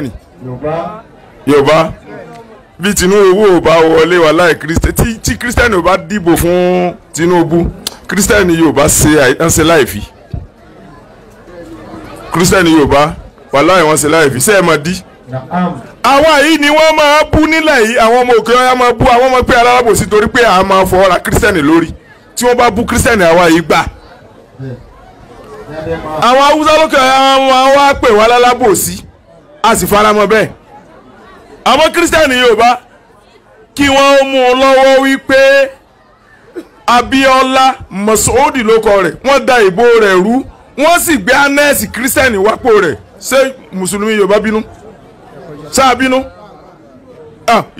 kẹ́ni. yorùbá bí tinubu ò bá wọlé wá láì kírísítẹ́nì tí kírísítẹ́nì ò bá dìbò fún tinubu kírísítẹ́nì yorùbá ṣe àìsànṣe láì fi kírísítẹ́nì yorùbá wà láì wọ́n ṣe láì fi ṣe é máa dí. àwa yìí ni wọ́n máa bú nílẹ̀ yìí àwọn ọmọ òkè ọ̀yà máa bú àwọn ọmọ pé alábòsí torí pé a máa fọwọ́ ra kírísítẹ́nì lórí tí wọ́n bá bú kírísítẹ́nì àwa yìí gbà àwọn haúsá lókè àwọn wa pè wá lálábòsí a sì faramọ́ bẹ́ẹ̀ àwọn kírísítẹ́nì yorùbá kí wọ́n mú un lọ́wọ́ wípé abiola mọ̀sọ́ọ́dì lóko rẹ̀ wọ́n da ìbò rẹ̀ rú wọ́n sì gbé anẹ́ẹ̀sì kírísítẹ́nì wápò rẹ̀ ṣé mùsùlùmí yorùbá bínú ṣáà bínú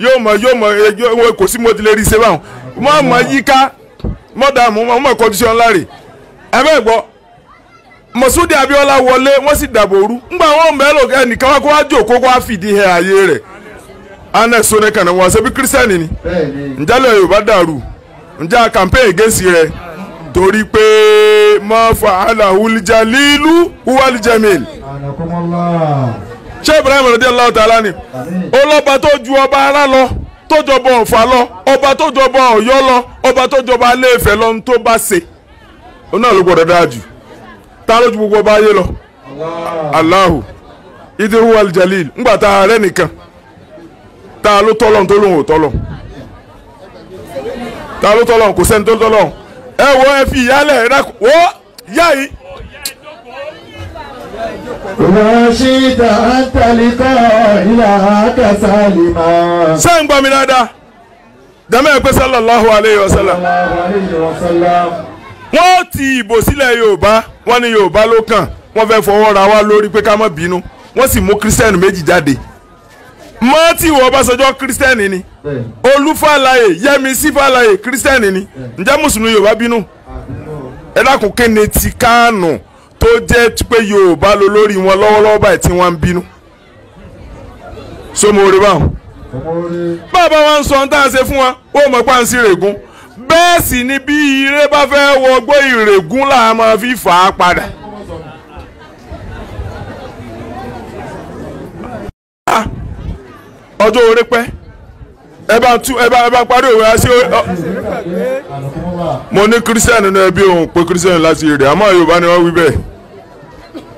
yóò mọ yóò mọ kò sí mo ti lè rí i báwọn mọ̀ mọ̀ yíká mọ̀dàmú mọ̀ mọ̀ kọ́jú sí ọ̀nlá rè ẹ bẹ́ẹ̀ gbọ́ Masudi Abiola wọlé wọ́n sì dàbòrú ngbà wọn mẹ́lò ẹnìkan wá kó wá jòkó wá fìdí hẹ ayé Onekana wọn ṣe bí kírísítẹ́nì ni Yorùbá dàrú ǹjẹ́ campaign against rẹ̀ torí pé mọ́fà aláhùlìjà lílu wàlìjẹmìl ṣé Ibrahim rẹ̀ díẹ̀ láwùjọ alá ni ọlọ́ba ju ọba ara lọ tó lọ ọba lọ ọba lọ ń tó bá ṣe ó náà ló ta ló ju gbogbo ọba ayé lọ Allahu idiru aljalil ńgbà tá a rẹ nìkan ta ló tọ́lọ̀ tó lóun ò tọ́lọ̀ ta ló tọ́lọ̀ kò sẹ́ni tó tọ́lọ̀ ẹ wo ẹ fi ìyálẹ̀ rẹ wo yá yìí. Rashida Antalikọ ìlà Kasalima. Ṣé ń gbọ́ mi dáadáa? Jàmẹ́ ẹ pé sallallahu alayhi wa sallam wọ́n ti ìbò sílẹ̀ yorùbá wọ́n ní yorùbá ló kàn wọ́n fẹ́ fọwọ́ ra wa lórí pé ká má bínú wọ́n sì mú kírísítẹ́nì méjì jáde mọ́tì wọ ọbásanjọ́ kírísítẹ́nì ni olúfàlàyé yẹmísí fàlàyé kírísítẹ́nì ni ǹjẹ́ mùsùlùmí yorùbá bínú ẹ dákun kéne ti kánù tó jẹ́ pé yorùbá lo lórí wọn lọ́wọ́lọ́wọ́ báyìí tí wọ́n ń bínú sómo orí báwọn bàbá wa ń sọ ohun tá a ṣe fún wa ó mọ̀ pé ń sí règún bẹ́ẹ̀ sì ni bí ire bá fẹ́ wọgbó ìrègùn là máa fi fà á padà. ọjọ́ orí pẹ́ ẹ bá tún ẹ bá ẹ bá parí òwe àṣẹ mo ní kírísítẹ́nì nínú ẹbí òun pé kírísítẹ́nì láti èrè àmọ́ yorùbá ni wọ́n wí bẹ́ẹ̀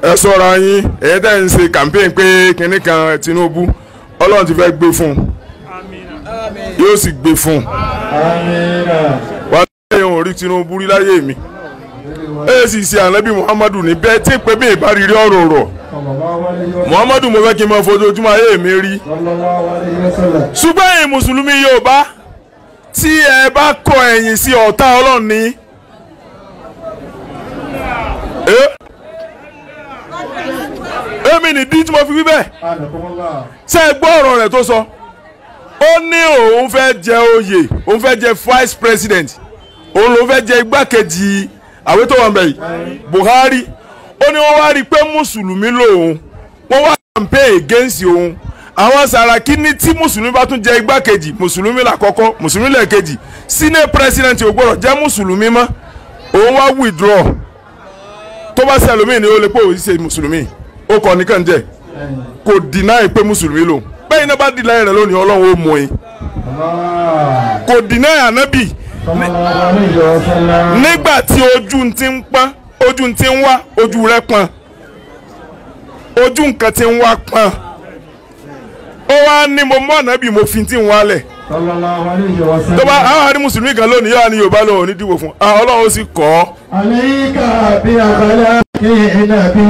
ẹ sọ̀rọ̀ yín èyí tẹ́ ń ṣe campaign pé kinní kan Tinubu Ọlọ́run ti fẹ́ gbé fún un yóò sì gbé fún un rí Tinubu rí láyé mi ẹ sì ṣe ànábì Muhammadu ní bẹ́ẹ̀ tí pé bí ìbáriri ọ̀rọ̀ rọ̀ Muhammadu mo fẹ́ kí n máa fojoojúmọ́ ayé mi rí ṣùgbọ́n ẹ̀yin mùsùlùmí Yorùbá tí ẹ bá kọ ẹ̀yìn sí ọ̀tá Ọlọ́run ni èmi nìdí tí mo fi wí bẹ́ẹ̀ ṣe é gbọ́ ọ̀rọ̀ rẹ̀ tó sọ ó ní òun fẹ́ jẹ oyè òun fẹ́ jẹ vice president òun ló fẹ́ jẹ igbákejì àwé tó wà ń bẹ̀ yìí Buhari ó ní wọ́n wá rí i pé mùsùlùmí lòun wọ́n wá campaign against òun àwọn Sàràkí ní tí mùsùlùmí bá tún jẹ igbákejì mùsùlùmí làkọ́kọ́ mùsùlùmí lẹ́ẹ̀kejì sínú president ò gbọ́dọ̀ jẹ́ mùsùlùmí mọ́ òun wá withdraw tó bá ṣe ẹlòmíì ni ó lè pé òun ṣe mùsùlùmí ó kọ́ nìkan jẹ́ kò deny pé mùsùlùmí lòun bẹ́ẹ̀ iná bá deny rẹ̀ lónìí ọlọ́run ó mú in kò deny anabi nígbà tí ojú ti ń pọ́n ojú ti ń wá ojú rẹ pọ́n ojú nǹkan ti ń wá pọ́n ó wá ní mo mọ́ ọ̀nà bí mo fi ti ń wálẹ̀ tó bá àwọn àrí mùsùlùmí kan lónìí yára ni yorùbá lòun ò ní dìbò fún àwọn ah, ọlọ́run ó sì kọ́ ọ. àlíkà bí abala kí iná bí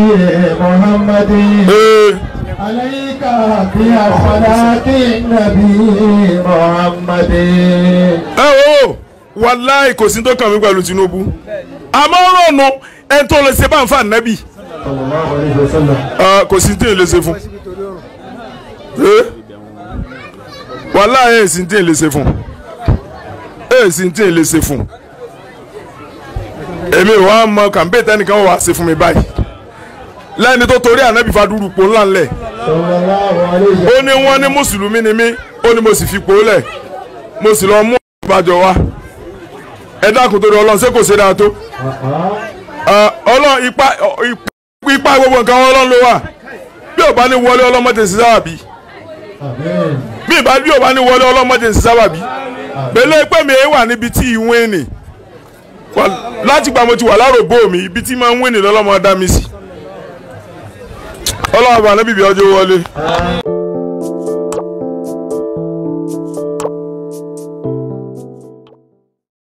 muhammadu. àlíkà bí abala kí iná bí muhammadu. ẹ wo wàláì kò sí tó kàn mí pẹ̀lú Tinubu àmọ́ rọ̀nù ẹni tó lè ṣe bá ń fa nẹ́bì kò sí tí ì lè ṣe fún wàláì ẹ̀ sí tí ì lè ṣe fún ẹ̀ sí tí ì lè ṣe fún èmi wà á mọ kàmpé tẹnìkan wà á ṣe fún mi báyìí lẹ́ni tó torí ànábì fadúrú po ńlá ńlẹ̀ ó ní wọ́n ní mùsùlùmí ni mí ó ní mo sì fi po lẹ̀ mo sì lọ mú ìbàjọ́ wa ẹ dákun torí ọlọ́run ṣé kò ṣe dáa tó uh-huh. uh, ọlọ́run uh, ipa ipa gbogbo nǹkan ọlọ́run ló wà bí ò bá ní wọlé ọlọ́mọdé sí sábàbí bí ìbá bí ò bá ní wọlé ọlọ́mọdé sí sábàbí pẹ̀lú ẹgbẹ́ mi wà níbi tí ìwé nì láti gbà mo ti wà láròbó mi ibi tí máa ń wé nì lọ́lọ́mọ dá mi sí ọlọ́run àbànú bìbí ọjọ́ wọlé. Amen.